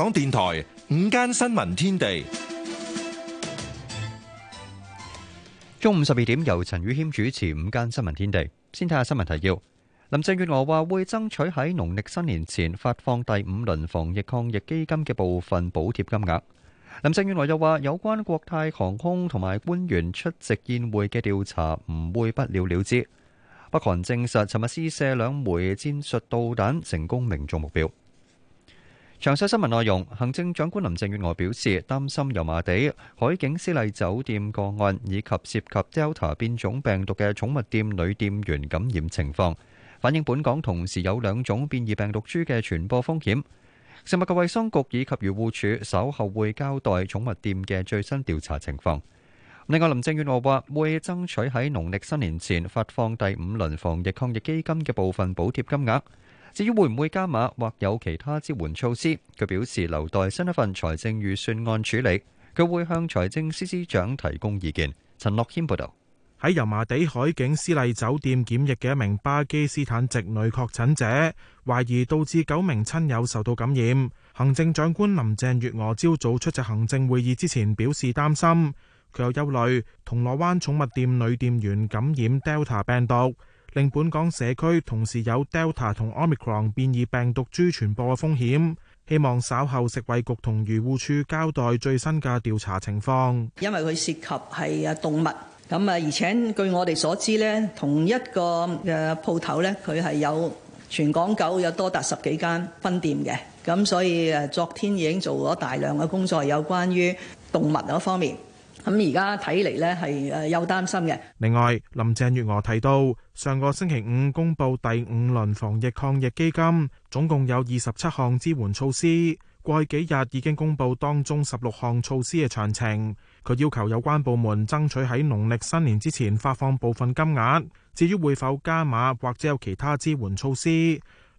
香港電台午間新聞天地，中午十二點由陳宇謙主持《午間新聞天地》。先睇下新聞提要。林鄭月娥話會爭取喺農曆新年前發放第五輪防疫抗疫基金嘅部分補貼金額。林鄭月娥又話有關國泰航空同埋官員出席宴會嘅調查唔會不了了之。北韓證實，尋日試射兩枚戰術導彈，成功命中目標。詳細新聞內容，行政長官林鄭月娥表示，擔心油麻地海景絲麗酒店個案以及涉及 Delta 變種病毒嘅寵物店女店員感染情況，反映本港同時有兩種變異病毒株嘅傳播風險。食物及衛生局以及漁護署稍後會交代寵物店嘅最新調查情況。另外，林鄭月娥話會爭取喺農曆新年前發放第五輪防疫抗疫基金嘅部分補貼金額。至於會唔會加碼或有其他支援措施，佢表示留待新一份財政預算案處理，佢會向財政司司長提供意見。陳樂謙報導。喺油麻地海景絲麗酒店檢疫嘅一名巴基斯坦籍女確診者，懷疑導致九名親友受到感染。行政長官林鄭月娥朝早出席行政會議之前表示擔心，佢又憂慮，銅鑼灣寵物店女店員感染 Delta 病毒，令本港社區同時有 Delta 同 Omicron 變異病毒株傳播嘅風險。希望稍後食衛局同漁護署交代最新嘅調查情況。因為佢涉及係啊動物，咁啊而且據我哋所知咧，同一個嘅鋪頭咧，佢係有全港九有多達十幾間分店嘅，咁所以誒昨天已經做咗大量嘅工作，有關於動物嗰方面。咁而家睇嚟呢，係誒有擔心嘅。另外，林鄭月娥提到，上個星期五公布第五輪防疫抗疫基金，總共有二十七項支援措施。過去幾日已經公布當中十六項措施嘅詳情。佢要求有關部門爭取喺農曆新年之前發放部分金額。至於會否加碼或者有其他支援措施？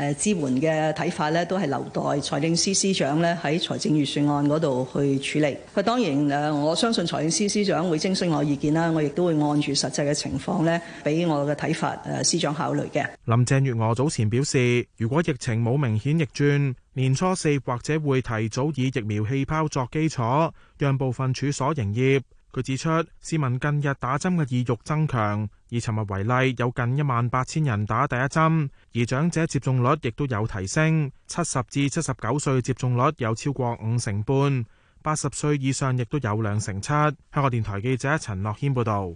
誒支援嘅睇法呢都係留待財政司司長呢喺財政預算案嗰度去處理。佢當然誒，我相信財政司司長會徵詢我意見啦，我亦都會按住實際嘅情況呢，俾我嘅睇法誒，司長考慮嘅。林鄭月娥早前表示，如果疫情冇明顯逆轉，年初四或者會提早以疫苗氣泡作基礎，讓部分處所營業。佢指出，市民近日打針嘅意欲增強，以尋日為例，有近一萬八千人打第一針，而長者接種率亦都有提升，七十至七十九歲接種率有超過五成半，八十歲以上亦都有兩成七。香港電台記者陳樂軒報導。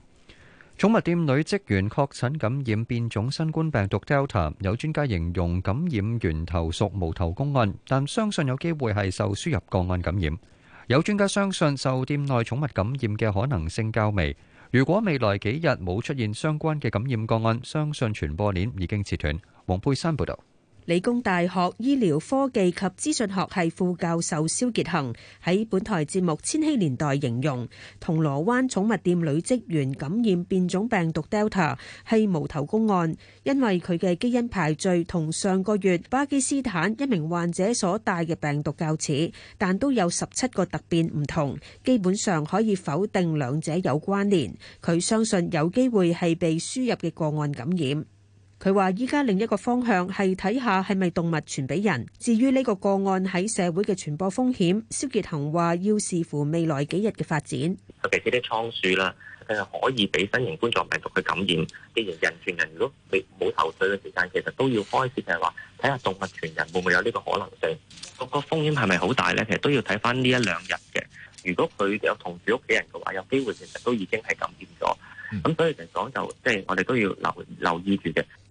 寵物店女職員確診感染變種新冠病毒 Delta，有專家形容感染源頭屬無頭公案，但相信有機會係受輸入個案感染。有專家相信，受店內寵物感染嘅可能性較微。如果未來幾日冇出現相關嘅感染個案，相信傳播鏈已經切斷。黃佩珊報導。理工大學醫療科技及資訊學系副教授蕭傑恒喺本台節目《千禧年代》形容，銅鑼灣寵物店女職員感染變種病毒 Delta 係無頭公案，因為佢嘅基因排序同上個月巴基斯坦一名患者所帶嘅病毒較似，但都有十七個突變唔同，基本上可以否定兩者有關聯。佢相信有機會係被輸入嘅個案感染。佢話：依家另一個方向係睇下係咪動物傳俾人。至於呢個個案喺社會嘅傳播風險，蕭傑恒話要視乎未來幾日嘅發展。特別係啲倉鼠啦，誒可以俾新型冠狀病毒去感染。既然人傳人，如果你冇頭緒嘅時間，其實都要開始係話睇下動物傳人會唔會有呢個可能性。個個風險係咪好大咧？其實都要睇翻呢一兩日嘅。如果佢有同住屋企人嘅話，有機會其實都已經係感染咗。咁、嗯、所以嚟講，就即、是、係我哋都要留留意住嘅。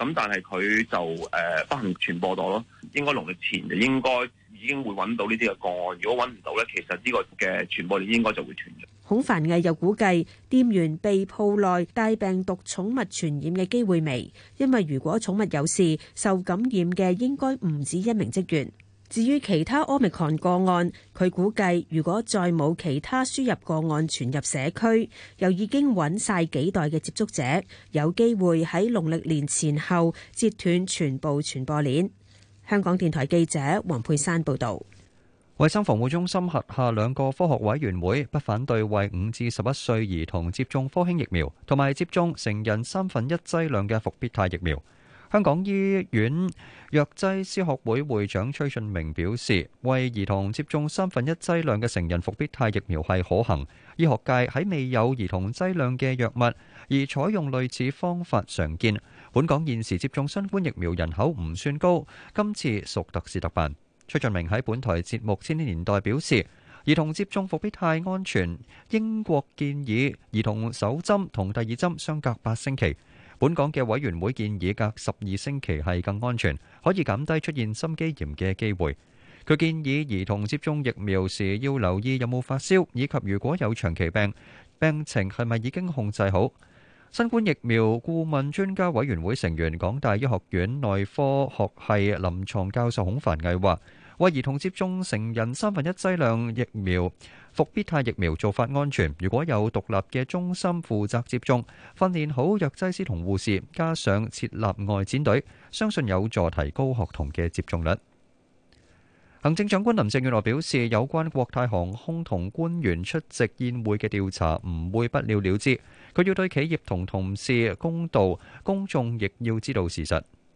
咁但係佢就誒不停傳播到咯，應該農曆前應該已經會揾到呢啲嘅個案，如果揾唔到咧，其實呢個嘅傳播應該就會存在。孔繁毅又估計，店員被鋪內帶病毒寵物傳染嘅機會微。因為如果寵物有事，受感染嘅應該唔止一名職員。至於其他 omicron 個案，佢估計如果再冇其他輸入個案傳入社區，又已經揾晒幾代嘅接觸者，有機會喺農曆年前後截斷全部傳播鏈。香港電台記者黃佩珊報導。衞生防護中心轄下兩個科學委員會不反對為五至十一歲兒童接種科興疫苗，同埋接種成人三分一劑量嘅伏必泰疫苗。香港醫院藥劑師學會會長崔俊明表示，為兒童接種三分一劑量嘅成人復必泰疫苗係可行。醫學界喺未有兒童劑量嘅藥物而採用類似方法常見。本港現時接種新冠疫苗人口唔算高，今次屬特事特辦。崔俊明喺本台節目《千禧年代》表示，兒童接種復必泰安全。英國建議兒童首針同第二針相隔八星期。本港嘅委員會建議隔十二星期係更安全，可以減低出現心肌炎嘅機會。佢建議兒童接種疫苗時要留意有冇發燒，以及如果有長期病，病情係咪已經控制好。新冠疫苗顧問專家委員會成員港大醫學院內科學系臨牀教授孔凡毅話，為兒童接種成人三分一劑量疫苗。復必泰疫苗做法安全，如果有獨立嘅中心負責接種，訓練好藥劑師同護士，加上設立外展隊，相信有助提高學童嘅接種率。行政長官林鄭月娥表示，有關國泰航空同官員出席宴會嘅調查唔會不了了之，佢要對企業同同事公道，公眾亦要知道事實。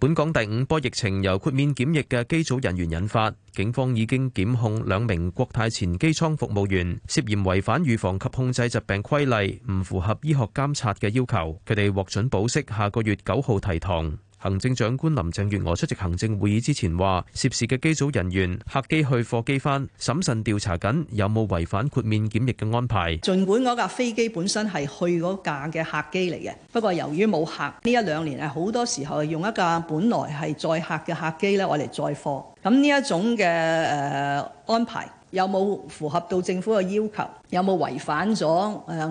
本港第五波疫情由豁免檢疫嘅機組人員引發，警方已經檢控兩名國泰前機艙服務員涉嫌違反預防及控制疾病規例，唔符合醫學監察嘅要求。佢哋獲准保釋，下個月九號提堂。行政長官林鄭月娥出席行政會議之前話，涉事嘅機組人員客機去貨機返，審慎調查緊有冇違反豁免檢疫嘅安排。盡管嗰架飛機本身係去嗰架嘅客機嚟嘅，不過由於冇客，呢一兩年係好多時候用一架本來係載客嘅客機咧，我嚟載貨。咁呢一種嘅誒、呃、安排。有冇符合到政府嘅要求？有冇違反咗？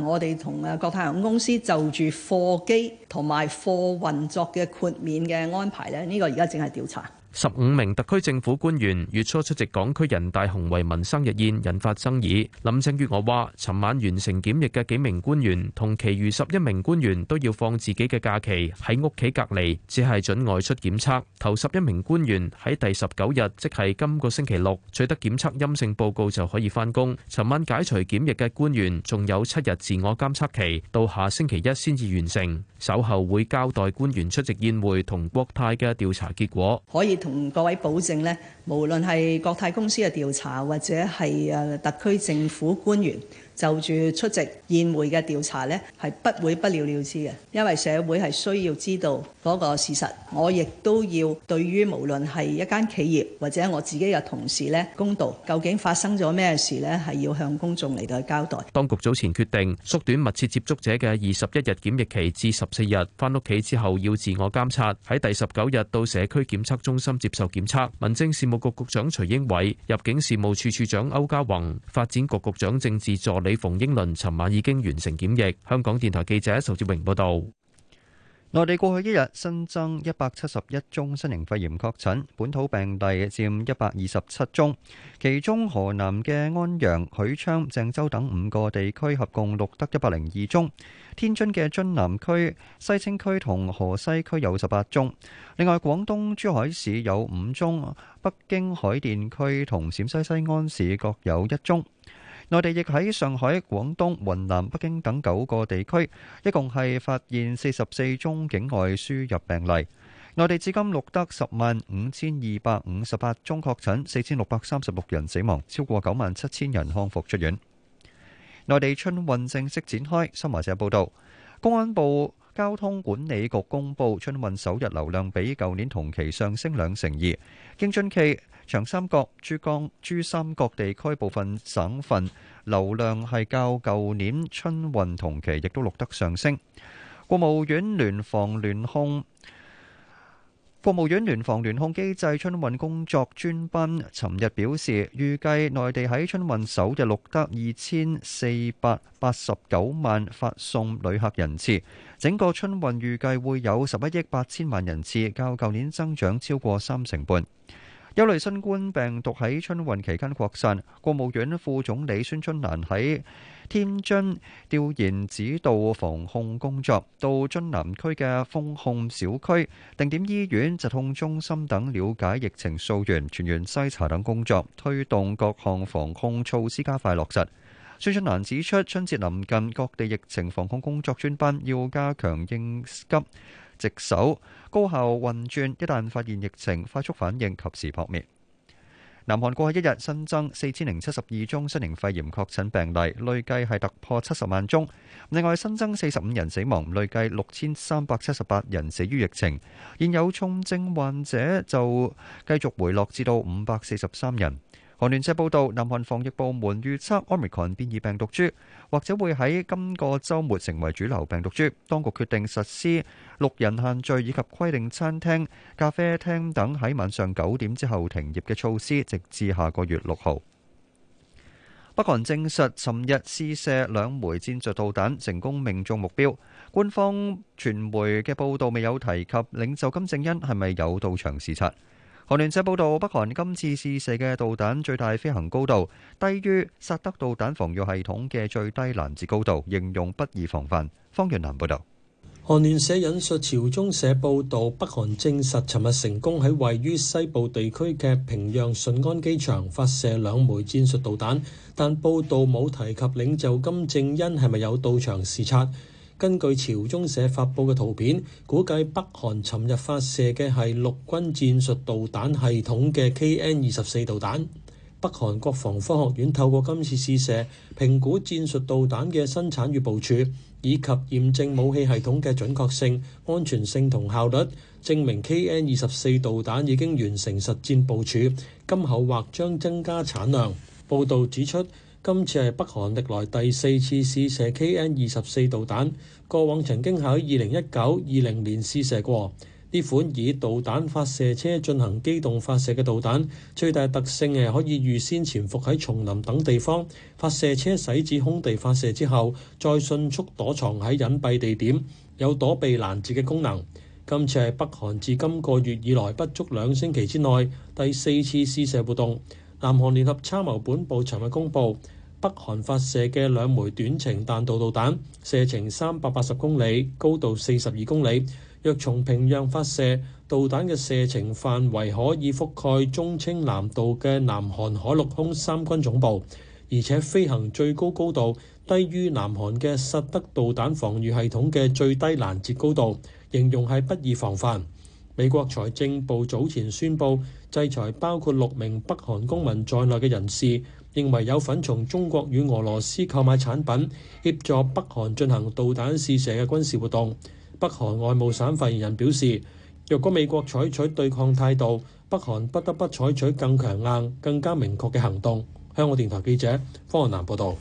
我哋同誒國泰航空公司就住貨機同埋貨運作嘅豁免嘅安排咧？呢、這個而家正係調查。十五名特區政府官員月初出席港區人大洪為民生日宴，引發爭議。林鄭月娥話：尋晚完成檢疫嘅幾名官員同其餘十一名官員都要放自己嘅假期喺屋企隔離，只係准外出檢測。頭十一名官員喺第十九日，即係今個星期六取得檢測陰性報告就可以返工。尋晚解除檢疫嘅官員仲有七日自我監測期，到下星期一先至完成。稍後會交代官員出席宴會同國泰嘅調查結果，可以同各位保證呢，無論係國泰公司嘅調查，或者係誒特區政府官員，就住出席宴會嘅調查咧，係不會不了了之嘅，因為社會係需要知道嗰個事實，我亦都要對於無論係一間企業或者我自己嘅同事咧，公道究竟發生咗咩事咧，係要向公眾嚟到交代。當局早前決定縮短密切接觸者嘅二十一日檢疫期至十四日，翻屋企之後要自我監察，喺第十九日到社區檢測中心接受檢測。民政事務局局長徐英偉、入境事務處處長歐家宏、發展局局長政治助理。李逢英倫，尋晚已經完成檢疫。香港電台記者仇志榮報道：內地過去一日新增一百七十一宗新型肺炎確診，本土病例佔一百二十七宗，其中河南嘅安陽、許昌、鄭州等五個地區合共錄得一百零二宗；天津嘅津南區、西青區同河西區有十八宗；另外廣東珠海市有五宗，北京海淀區同陝西西安市各有一宗。內地亦喺上海、廣東、雲南、北京等九個地區，一共係發現四十四宗境外輸入病例。內地至今錄得十萬五千二百五十八宗確診，四千六百三十六人死亡，超過九萬七千人康復出院。內地春運正式展開。新華社報道，公安部交通管理局公布春運首日流量比舊年同期上升兩成二。京津冀、長三角、珠江、珠三角地區部分省份流量係較舊年春運同期亦都錄得上升。國務院聯防聯控，國務院聯防聯控機制春運工作專班尋日表示，預計內地喺春運首日錄得二千四百八十九萬發送旅客人次，整個春運預計會有十一億八千萬人次，較舊年增長超過三成半。一類新冠病毒喺春運期間擴散，國務院副總理孫春蘭喺天津調研指導防控工作，到津南區嘅封控小區、定點醫院、疾控中心等了解疫情溯源、全員篩查等工作，推動各項防控措施加快落實。孫春蘭指出，春節臨近，各地疫情防控工作專班要加強應急值守高效運轉，一旦發現疫情，快速反應，及時撲滅。南韓過去一日新增四千零七十二宗新型肺炎確診病例，累計係突破七十萬宗。另外新增四十五人死亡，累計六千三百七十八人死於疫情。現有重症患者就繼續回落至到五百四十三人。韓聯社報導，南韓防疫部門預測 Omicron 變異病毒株或者會喺今個週末成為主流病毒株。當局決定實施六人限聚以及規定餐廳、咖啡廳等喺晚上九點之後停業嘅措施，直至下個月六號。北韓證實，尋日試射兩枚戰術導彈，成功命中目標。官方傳媒嘅報導未有提及領袖金正恩係咪有到場視察。韓聯社報道，北韓今次試射嘅導彈最大飛行高度低於薩德導彈防禦系統嘅最低攔截高度，形容不易防範。方月南報道，韓聯社引述朝中社報道，北韓證實尋日成功喺位於西部地區嘅平壤順安機場發射兩枚戰術導彈，但報道冇提及領袖金正恩係咪有到場視察。根據朝中社發布嘅圖片，估計北韓尋日發射嘅係陸軍戰術導彈系統嘅 KN 二十四導彈。北韓國防科學院透過今次試射，評估戰術導彈嘅生產與部署，以及驗證武器系統嘅準確性、安全性同效率，證明 KN 二十四導彈已經完成實戰部署，今後或將增加產量。報導指出，今次係北韓歷來第四次試射 KN 二十四導彈，過往曾經喺二零一九、二零年試射過。呢款以導彈發射車進行機動發射嘅導彈，最大特性係可以預先潛伏喺叢林等地方，發射車駛至空地發射之後，再迅速躲藏喺隱蔽地點，有躲避攔截嘅功能。今次係北韓自今個月以來不足兩星期之內第四次試射活動。南韓聯合參謀本部尋日公布。北韓發射嘅兩枚短程彈道導彈，射程三百八十公里，高度四十二公里。若從平壤發射，導彈嘅射程範圍可以覆蓋忠清南道嘅南韓海陸空三軍總部，而且飛行最高高度低於南韓嘅薩德導彈防禦系統嘅最低攔截高度，形容係不易防範。美國財政部早前宣布制裁包括六名北韓公民在內嘅人士。認為有份從中國與俄羅斯購買產品協助北韓進行導彈試射嘅軍事活動。北韓外務省發言人表示，若果美國採取對抗態度，北韓不得不採取更強硬、更加明確嘅行動。香港電台記者方南報道。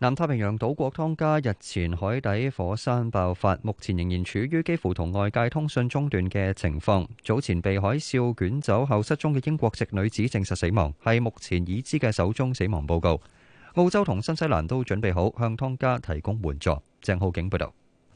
南太平洋島國湯加日前海底火山爆發，目前仍然處於幾乎同外界通訊中斷嘅情況。早前被海嘯捲走後失蹤嘅英國籍女子證實死亡，係目前已知嘅首宗死亡報告。澳洲同新西蘭都準備好向湯加提供援助。鄭浩景報道。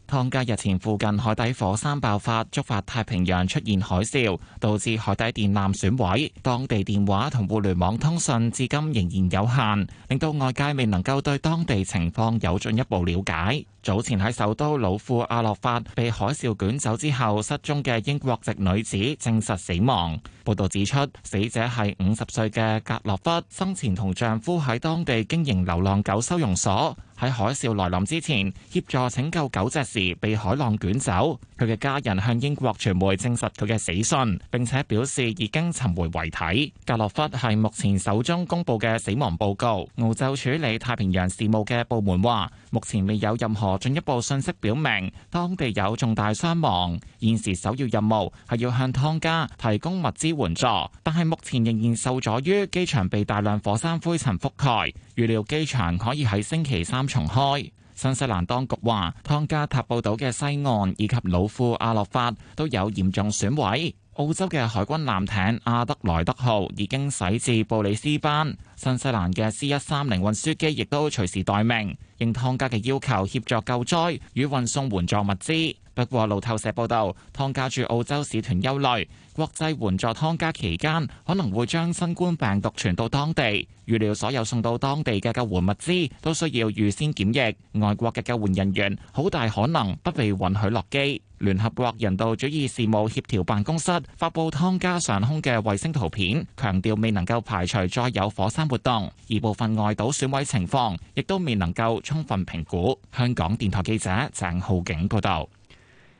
湯加日前附近海底火山爆發，觸發太平洋出現海嘯，導致海底電纜損毀，當地電話同互聯網通訊至今仍然有限，令到外界未能夠對當地情況有進一步了解。早前喺首都老富阿洛法被海嘯捲走之後失蹤嘅英國籍女子證實死亡。報道指出，死者係五十歲嘅格洛弗，生前同丈夫喺當地經營流浪狗收容所。喺海嘯來臨之前協助拯救狗隻時被海浪捲走，佢嘅家人向英國傳媒證實佢嘅死訊，並且表示已經尋回遺體。格洛弗係目前首宗公佈嘅死亡報告。澳洲處理太平洋事務嘅部門話，目前未有任何進一步信息表明當地有重大傷亡。現時首要任務係要向湯加提供物資援助，但係目前仍然受阻於機場被大量火山灰塵覆蓋。預料機場可以喺星期三重開。新西蘭當局話，湯加塔布島嘅西岸以及老庫阿洛法都有嚴重損毀。澳洲嘅海軍艦艇阿德萊德號已經駛至布里斯班，新西蘭嘅 C 一三零運輸機亦都隨時待命。應湯加嘅要求協助救災與運送援助物資，不過路透社報道，湯加駐澳洲使團憂慮，國際援助湯加期間可能會將新冠病毒傳到當地，預料所有送到當地嘅救援物資都需要預先檢疫，外國嘅救援人員好大可能不被允許落機。聯合國人道主義事務協調辦公室發布湯加上空嘅衛星圖片，強調未能夠排除再有火山活動，而部分外島損毀情況亦都未能夠。充分評估。香港電台記者鄭浩景報導。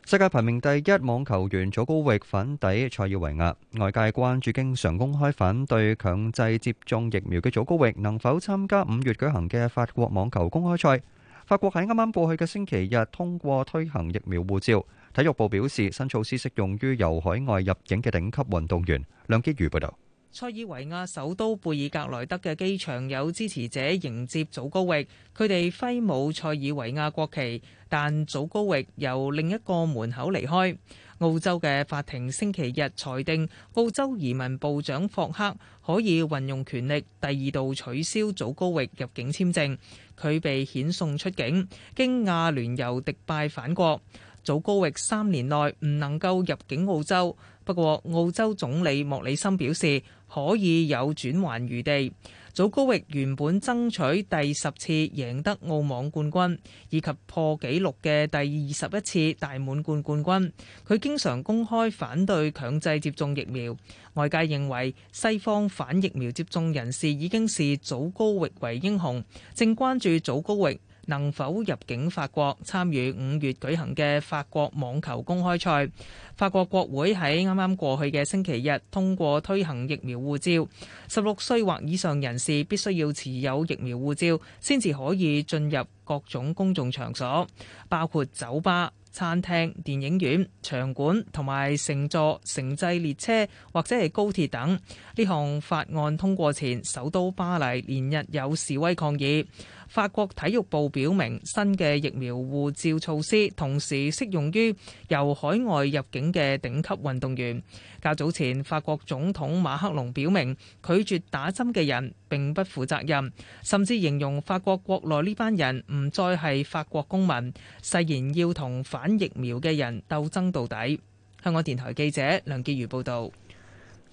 世界排名第一網球員祖高域粉底塞爾維亞，外界關注經常公開反對強制接種疫苗嘅祖高域能否參加五月舉行嘅法國網球公開賽。法國喺啱啱過去嘅星期日通過推行疫苗護照，體育部表示新措施適用於由海外入境嘅頂級運動員。梁堅如報導。塞爾維亞首都貝爾格萊德嘅機場有支持者迎接祖高域，佢哋揮舞塞爾維亞國旗，但祖高域由另一個門口離開。澳洲嘅法庭星期日裁定，澳洲移民部長霍克可以運用權力第二度取消祖高域入境簽證，佢被遣送出境，經亞聯酋迪拜返國。祖高域三年內唔能夠入境澳洲，不過澳洲總理莫里森表示，可以有轉圜餘地。祖高域原本爭取第十次贏得澳網冠軍，以及破紀錄嘅第二十一次大滿貫冠軍。佢經常公開反對強制接種疫苗，外界認為西方反疫苗接種人士已經視祖高域為英雄，正關注祖高域能否入境法國參與五月舉行嘅法國網球公開賽？法國國會喺啱啱過去嘅星期日通過推行疫苗護照，十六歲或以上人士必須要持有疫苗護照，先至可以進入各種公眾場所，包括酒吧、餐廳、電影院、場館同埋乘坐城際列車或者係高鐵等。呢項法案通過前，首都巴黎連日有示威抗議。法國體育部表明，新嘅疫苗護照措施同時適用於由海外入境嘅頂級運動員。較早前，法國總統馬克龍表明，拒絕打針嘅人並不負責任，甚至形容法國國內呢班人唔再係法國公民，誓言要同反疫苗嘅人鬥爭到底。香港電台記者梁潔如報導。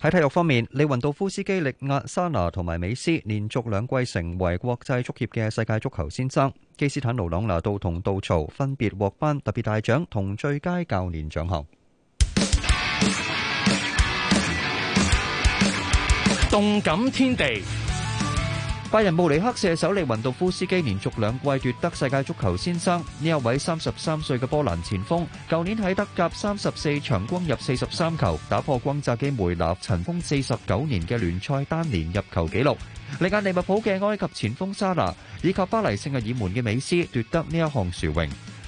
喺體育方面，李雲道夫斯基力壓沙拿同埋美斯，連續兩季成為國際足協嘅世界足球先生。基斯坦奴朗拿度同杜曹分別獲頒特別大獎同最佳教練獎項。動感天地。拜仁慕尼黑射手利雲道夫斯基連續兩季奪得世界足球先生，呢一位三十三歲嘅波蘭前鋒，舊年喺德甲三十四場攻入四十三球，打破轟炸機梅納塵封四十九年嘅聯賽單年入球紀錄。利雅利物浦嘅埃及前鋒沙拿，以及巴黎聖日耳門嘅美斯奪得呢一項殊榮。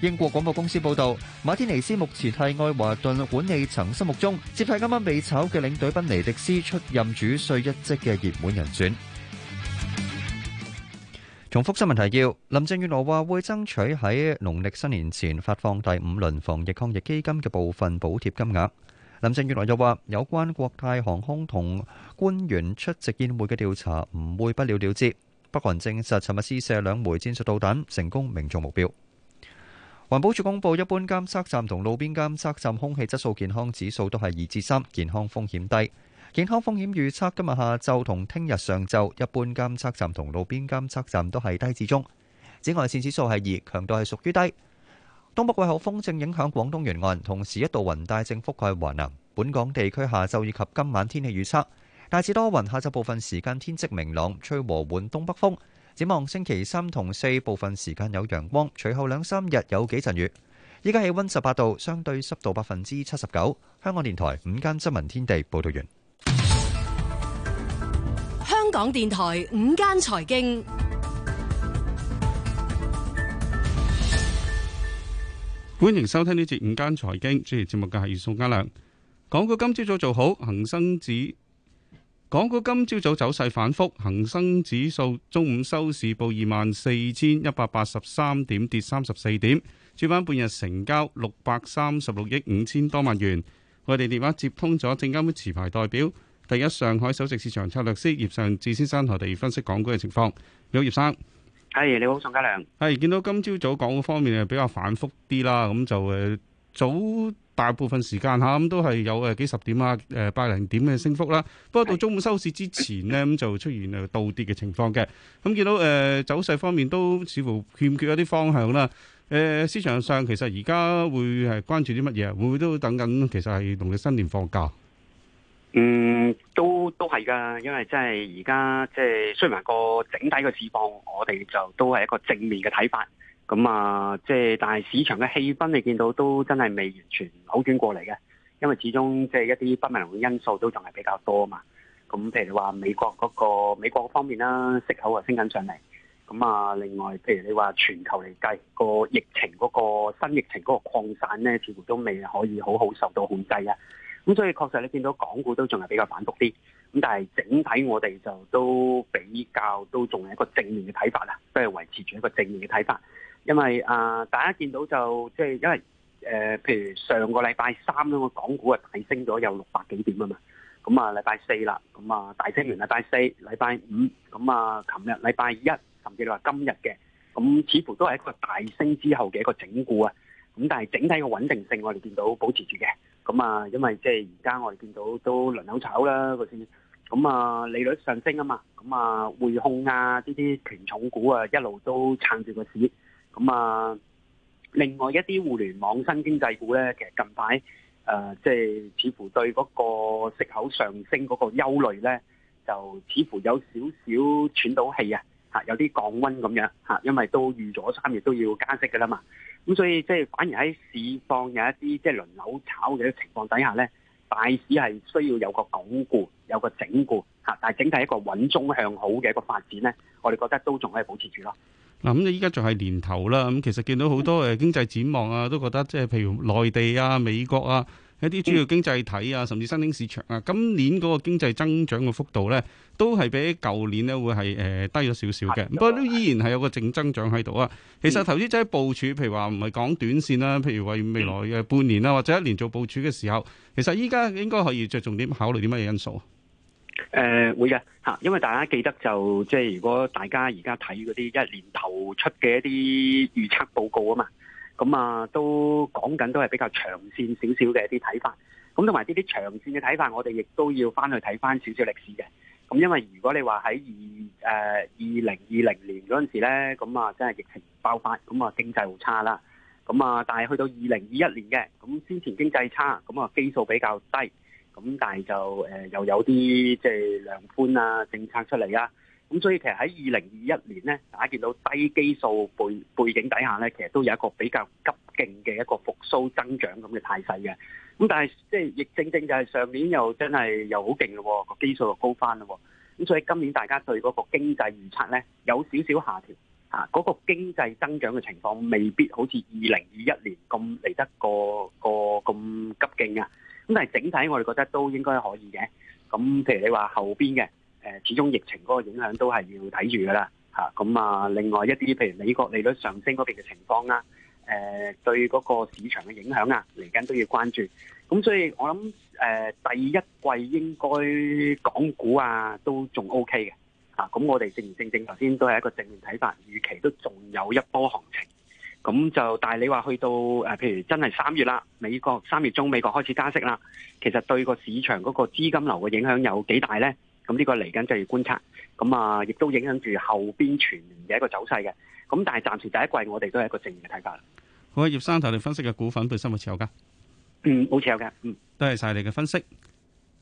英國廣播公司報導，馬天尼斯目前係愛華頓管理層心目中接替啱啱被炒嘅領隊賓尼迪斯出任主帥一職嘅熱門人選。重複新聞提要：林鄭月娥話會爭取喺農曆新年前發放第五輪防疫抗疫基金嘅部分補貼金額。林鄭月娥又話有關國泰航空同官員出席宴會嘅調查唔會不了了之。北韓證實，尋日試射兩枚戰術導彈，成功命中目標。環保署公布，一般監測站同路邊監測站空氣質素健康指數都係二至三，健康風險低。健康風險預測今日下晝同聽日上晝，一般監測站同路邊監測站都係低至中。紫外線指數係二，強度係屬於低。東北季候風正影響廣東沿岸，同時一道雲帶正覆蓋華南。本港地區下晝以及今晚天氣預測大致多雲，下晝部分時間天色明朗，吹和緩東北風。展望星期三同四部分時間有陽光，隨後兩三日有幾陣雨。依家氣溫十八度，相對濕度百分之七十九。香港電台午間新聞天地報道完。香港電台午間財經，歡迎收聽呢節午間財經主持節目嘅係葉宋嘉良。港股今朝早做好，恒生指。港股今朝早，早走勢反覆恒生指數中午收市報二萬四千一百八十三點，跌三十四點。主板半日成交六百三十六億五千多萬元。我哋電話接通咗證監會持牌代表，第一上海首席市場策略師葉尚志先生同我哋分析港股嘅情況。你好，葉生。係，你好，宋家良。係見到今朝早，早港股方面係比較反覆啲啦，咁就誒，早大部分時間嚇咁、嗯、都係有誒幾十點啊、誒、呃、百零點嘅升幅啦，不過到中午收市之前呢，咁、嗯、就出現誒倒跌嘅情況嘅。咁、嗯、見到誒、呃、走勢方面都似乎欠缺一啲方向啦。誒、呃、市場上其實而家會係關注啲乜嘢？會唔會都等緊？其實係農曆新年放假？嗯，都都係噶，因為即係而家即係雖然話個整體嘅市況，我哋就都係一個正面嘅睇法。咁啊，即係、嗯，但係市場嘅氣氛，你見到都真係未完全扭轉過嚟嘅，因為始終即係一啲不明朗嘅因素都仲係比較多啊嘛。咁、嗯、譬如你話美國嗰、那個美國方面啦，息口啊升緊上嚟。咁、嗯、啊，另外譬如你話全球嚟計個疫情嗰、嗰個新疫情嗰個擴散咧，似乎都未可以好好受到控制啊。咁、嗯、所以確實你見到港股都仲係比較反覆啲。咁、嗯、但係整體我哋就都比較都仲係一個正面嘅睇法啦，都係維持住一個正面嘅睇法。因為啊，大家見到就即係因為誒，譬如上個禮拜三咧，個港股啊大升咗有六百幾點啊嘛。咁啊，禮拜四啦，咁啊大升完，禮拜四、禮拜五，咁啊，琴日、禮拜一甚至你話今日嘅，咁似乎都係一個大升之後嘅一個整固啊。咁但係整體嘅穩定性，我哋見到保持住嘅。咁啊，因為即係而家我哋見到都輪流炒啦，個先。咁啊，利率上升啊嘛，咁啊匯控啊，呢啲權重股啊一路都撐住個市。咁啊，另外一啲互聯網新經濟股咧，其實近排誒，即係似乎對嗰個食口上升嗰個憂慮咧，就似乎有少少喘到氣啊！嚇，有啲降溫咁樣嚇，因為都預咗三月都要加息嘅啦嘛。咁所以即係反而喺市況有一啲即係輪流炒嘅情況底下咧，大市係需要有個鞏固、有個整固嚇，啊，但係整體一個穩中向好嘅一個發展咧，我哋覺得都仲可以保持住咯。嗱，咁你依家仲係年頭啦，咁其實見到好多誒經濟展望啊，都覺得即係譬如內地啊、美國啊一啲主要經濟體啊，甚至新興市場啊，今年嗰個經濟增長嘅幅度咧，都係比舊年咧會係誒低咗少少嘅，不過都依然係有個正增長喺度啊。其實投資者部署，譬如話唔係講短線啦、啊，譬如話未來嘅半年啦、啊，或者一年做部署嘅時候，其實依家應該可以着重點考慮啲乜嘢因素？誒、呃，會嘅吓、啊，因為大家記得就即係如果大家而家睇嗰啲一年頭出嘅一啲預測報告啊嘛，咁啊都講緊都係比較長線少少嘅一啲睇法，咁同埋呢啲長線嘅睇法，我哋亦都要翻去睇翻少少歷史嘅，咁因為如果你話喺二誒二零二零年嗰陣時咧，咁啊真係疫情爆發，咁啊經濟好差啦，咁啊但係去到二零二一年嘅，咁先前經濟差，咁啊基數比較低。咁但係就誒又有啲即係量寬啊政策出嚟啊，咁所以其實喺二零二一年咧，大家見到低基數背背景底下咧，其實都有一個比較急勁嘅一個復甦增長咁嘅態勢嘅。咁但係即係亦正正就係上年又真係又好勁咯，個基數又高返咯。咁所以今年大家對嗰個經濟預測咧有少少下調吓，嗰個經濟增長嘅情況未必好似二零二一年咁嚟得個個咁急勁啊。咁係整體，我哋覺得都應該可以嘅。咁譬如你話後邊嘅，誒始終疫情嗰個影響都係要睇住噶啦，嚇。咁啊，另外一啲譬如美國利率上升嗰邊嘅情況啦，誒對嗰個市場嘅影響啊，嚟緊都要關注。咁所以我諗誒第一季應該港股啊都仲 OK 嘅，啊咁我哋正唔正正頭先都係一個正面睇法，預期都仲有一波行情。咁就但係，你話去到誒，譬如真係三月啦，美國三月中美國開始加息啦，其實對個市場嗰個資金流嘅影響有幾大呢？咁呢個嚟緊就要觀察。咁啊，亦都影響住後邊全年嘅一個走勢嘅。咁但係暫時第一季我哋都係一個正面嘅睇法好好，葉生頭，你分析嘅股份本身會持有噶、嗯？嗯，好似有嘅。嗯，多謝晒你嘅分析。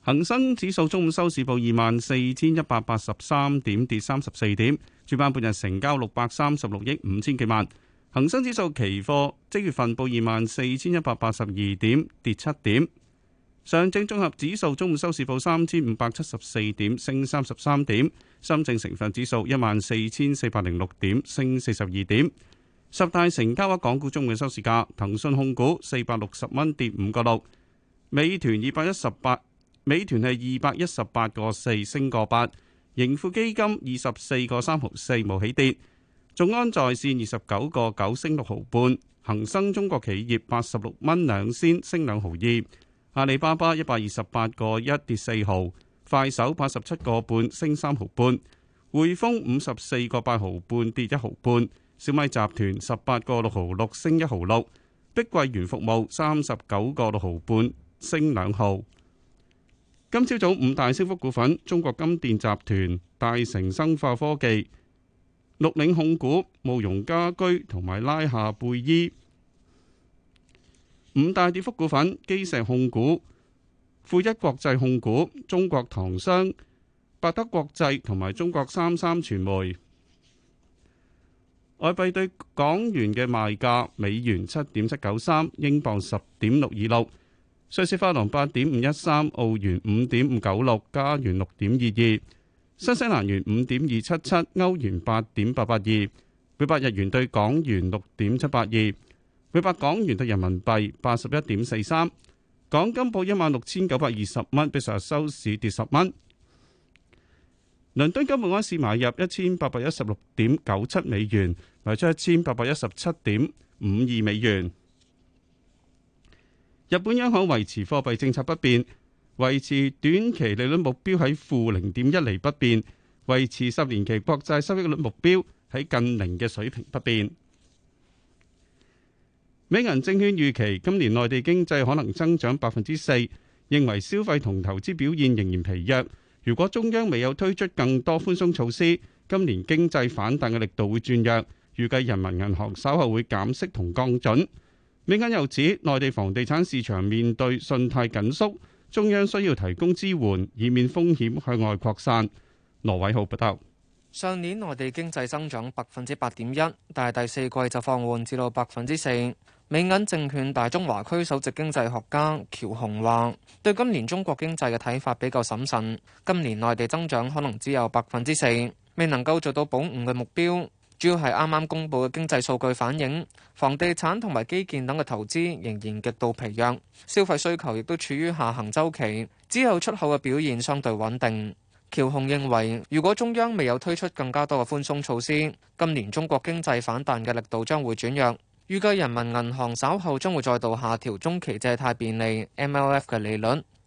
恒生指數中午收市報二萬四千一百八十三點，跌三十四點。主板半日成交六百三十六億五千幾萬。恒生指數期貨即月份報二萬四千一百八十二點，跌七點。上證綜合指數中午收市報三千五百七十四點，升三十三點。深證成分指數一萬四千四百零六點，升四十二點。十大成交額港股中午收市價，騰訊控股四百六十蚊，跌五個六。美團二百一十八，美團係二百一十八個四，升個八。盈富基金二十四個三毫四冇起跌。眾安在線二十九個九升六毫半，恒生中國企業八十六蚊兩仙升兩毫二，阿里巴巴一百二十八個一跌四毫，快手八十七個半升三毫半，匯豐五十四個八毫半跌一毫半，小米集團十八個六毫六升一毫六，碧桂園服務三十九個六毫半升兩毫。今朝早五大升幅股份：中國金電集團、大成生化科技、綠領控股、慕容家居同埋拉夏貝爾。五大跌幅股份：基石控股、富一國際控股、中國唐商、百德國際同埋中國三三傳媒。外幣對港元嘅賣價：美元七點七九三，英鎊十點六二六，瑞士法郎八點五一三，澳元五點五九六，加元六點二二。新西蘭元五點二七七，歐元八點八八二，每百日元對港元六點七八二，每百港元對人民幣八十一點四三。港金報一萬六千九百二十蚊，比上日收市跌十蚊。倫敦金每盎司買入一千八百一十六點九七美元，賣出一千八百一十七點五二美元。日本央行維持貨幣政策不變。維持短期利率目標喺負零點一厘不變，維持十年期國債收益率目標喺近零嘅水平不變。美銀證券預期今年內地經濟可能增長百分之四，認為消費同投資表現仍然疲弱。如果中央未有推出更多寬鬆措施，今年經濟反彈嘅力度會轉弱，預計人民銀行稍後會減息同降準。美銀又指，內地房地產市場面對信貸緊縮。中央需要提供支援，以免風險向外擴散。羅偉浩報道：不得上年內地經濟增長百分之八點一，但係第四季就放緩至到百分之四。美銀證券大中華區首席經濟學家喬虹話，對今年中國經濟嘅睇法比較審慎，今年內地增長可能只有百分之四，未能夠做到保五嘅目標。主要係啱啱公布嘅經濟數據反映，房地產同埋基建等嘅投資仍然極度疲弱，消費需求亦都處於下行周期，只有出口嘅表現相對穩定。喬宏認為，如果中央未有推出更加多嘅寬鬆措施，今年中國經濟反彈嘅力度將會轉弱。預計人民銀行稍後將會再度下調中期借貸便利 MLF 嘅利率。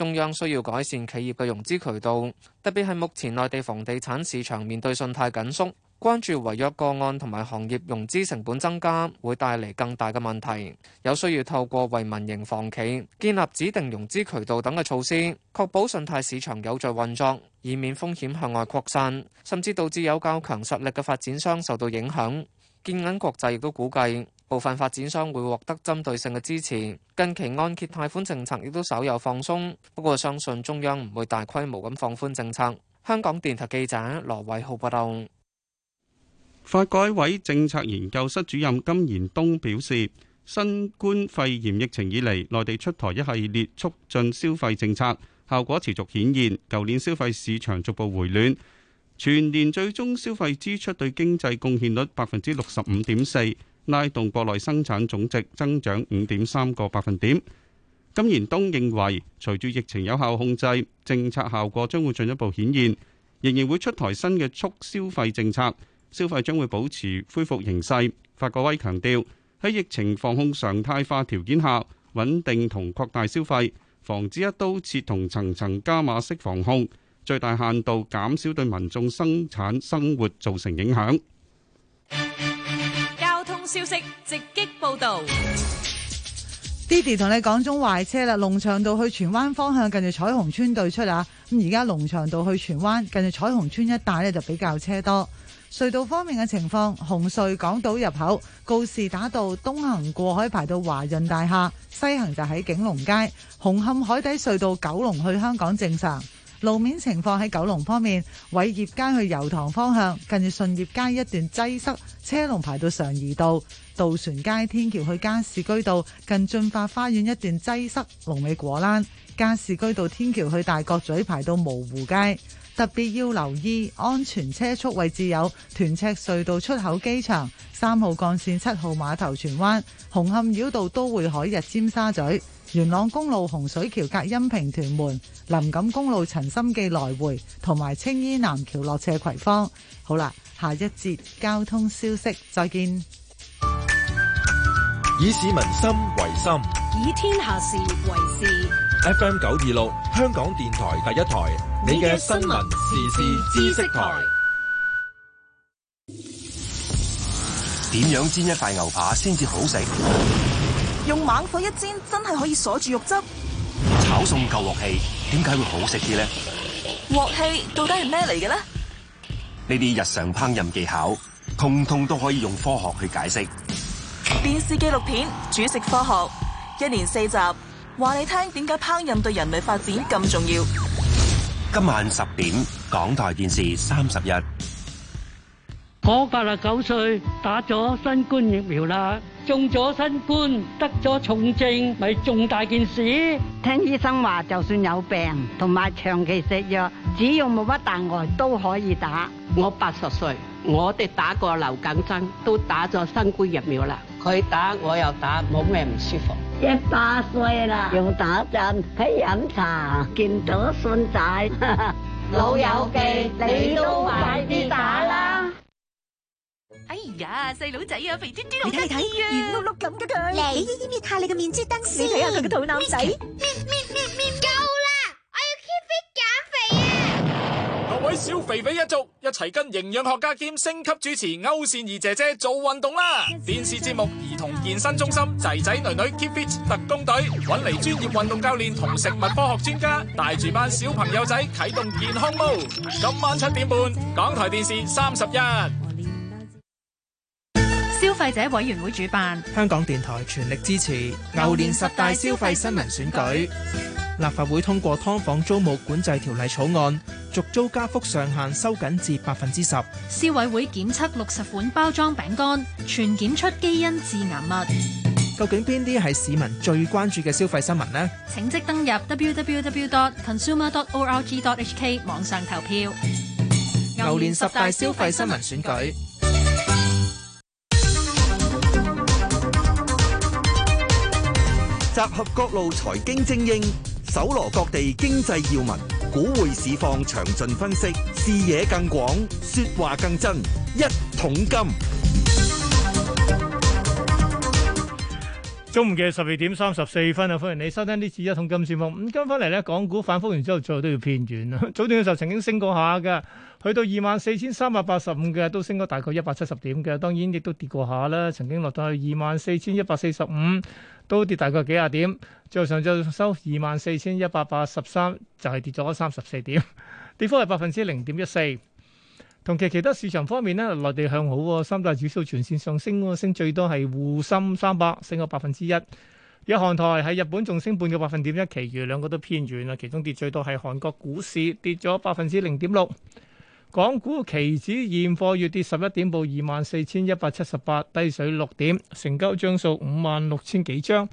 中央需要改善企業嘅融資渠道，特別係目前內地房地產市場面對信貸緊縮，關注違約個案同埋行業融資成本增加會帶嚟更大嘅問題，有需要透過為民營房企建立指定融資渠道等嘅措施，確保信貸市場有序運作，以免風險向外擴散，甚至導致有較強實力嘅發展商受到影響，建銀國際亦都估計。部分發展商會獲得針對性嘅支持。近期按揭貸款政策亦都稍有放鬆，不過相信中央唔會大規模咁放寬政策。香港電台記者羅偉浩報道。發改委政策研究室主任金延東表示，新冠肺炎疫情以嚟，內地出台一系列促進消費政策，效果持續顯現。舊年消費市場逐步回暖，全年最終消費支出對經濟貢獻率百分之六十五點四。拉動國內生產總值增長五點三個百分點。金延東認為，隨住疫情有效控制，政策效果將會進一步顯現，仍然會出台新嘅促消費政策，消費將會保持恢復形勢。法國威強調，喺疫情防控常態化條件下，穩定同擴大消費，防止一刀切同層層加碼式防控，最大限度減少對民眾生產生活造成影響。消息直擊報道，爹哋同你講，中壞車啦，龍翔道去荃灣方向近住彩虹村對出啊，咁而家龍翔道去荃灣近住彩虹村一帶呢，就比較車多。隧道方面嘅情況，紅隧港島入口告士打道東行過海排到華潤大廈，西行就喺景隆街。紅磡海底隧道九龍去香港正常。路面情況喺九龍方面，偉業街去油塘方向近住順業街一段擠塞，車龍排到常怡道；渡船街天橋去加士居道近進化花園一段擠塞，龍尾果欄；加士居道天橋去大角咀排到模糊街。特別要留意安全車速位置有屯赤隧道出口、機場三號幹線、七號碼頭、荃灣紅磡繞，繞道、都會海日、尖沙咀。元朗公路洪水橋隔音屏屯門林錦公路陳心記來回同埋青衣南橋落斜葵芳，好啦，下一節交通消息，再見。以市民心為心，以天下事為事。F M 九二六，香港電台第一台，你嘅新聞時事知識台。點樣煎一塊牛扒先至好食？用猛火一煎，真係可以鎖住肉汁。炒餸夠鑊氣，點解會好食啲呢？鑊氣到底係咩嚟嘅呢？呢啲日常烹飪技巧，通通都可以用科學去解釋。電視紀錄片《煮食科學》，一連四集，話你聽點解烹飪對人類發展咁重要。今晚十點，港台電視三十一。我八十九歲，打咗新冠疫苗啦，中咗新冠，得咗重症，咪重大件事。聽醫生話，就算有病同埋長期食藥，只要冇乜大礙都可以打。我八十歲，我哋打過流感針，都打咗新冠疫苗啦。佢打我又打，冇咩唔舒服。一百歲啦，用打針，喺飲茶，見到信仔。老友記，你都快啲打啦！哎呀，細佬仔啊，肥嘟嘟，你睇睇啊，圓碌碌咁嘅佢，你搣下你個面珠墩先，你睇下佢個肚腩仔，搣搣搣搣夠啦，我要 keep fit 減肥啊！各位小肥肥一族，一齊跟營養學家兼星級主持歐善儀姐姐做運動啦！電視節目兒童健身中心，仔仔女女 keep fit 特工隊，搵嚟專業運動教練同食物科學專家，帶住班小朋友仔啟動健康 mode，今晚七點半，港台電視三十一。消費者委員會主辦，香港電台全力支持牛年十大消費新聞選舉。立法會通過《劏房租務管制條例》草案，續租加幅上限收緊至百分之十。消委會檢測六十款包裝餅乾，全檢出基因致癌物。究竟邊啲係市民最關注嘅消費新聞呢？請即登入 www.consumer.org.hk dot d t o dot 網上投票。牛年十大消費新聞選舉。集合各路財經精英，搜羅各地經濟要聞，股匯市況詳盡分析，視野更廣，說話更真。一桶金，中午嘅十二點三十四分啊！歡迎你收聽呢次一桶金節目。咁今日翻嚟咧，港股反復完之後，最後都要偏軟啦。早段嘅時候曾經升過下嘅。去到二萬四千三百八十五嘅，都升咗大概一百七十點嘅。當然亦都跌過下啦，曾經落到去二萬四千一百四十五，都跌大概幾廿點。最後就收二萬四千一百八十三，就係跌咗三十四點，跌幅係百分之零點一四。同期其他市場方面咧，內地向好，三大指數全線上升，升最多係滬深三百升咗百分之一。日韓台喺日本仲升半個百分點一，其餘兩個都偏遠啦。其中跌最多係韓國股市，跌咗百分之零點六。港股期指現貨月跌十一點，報二萬四千一百七十八，低水六點，成交張數五萬六千幾張。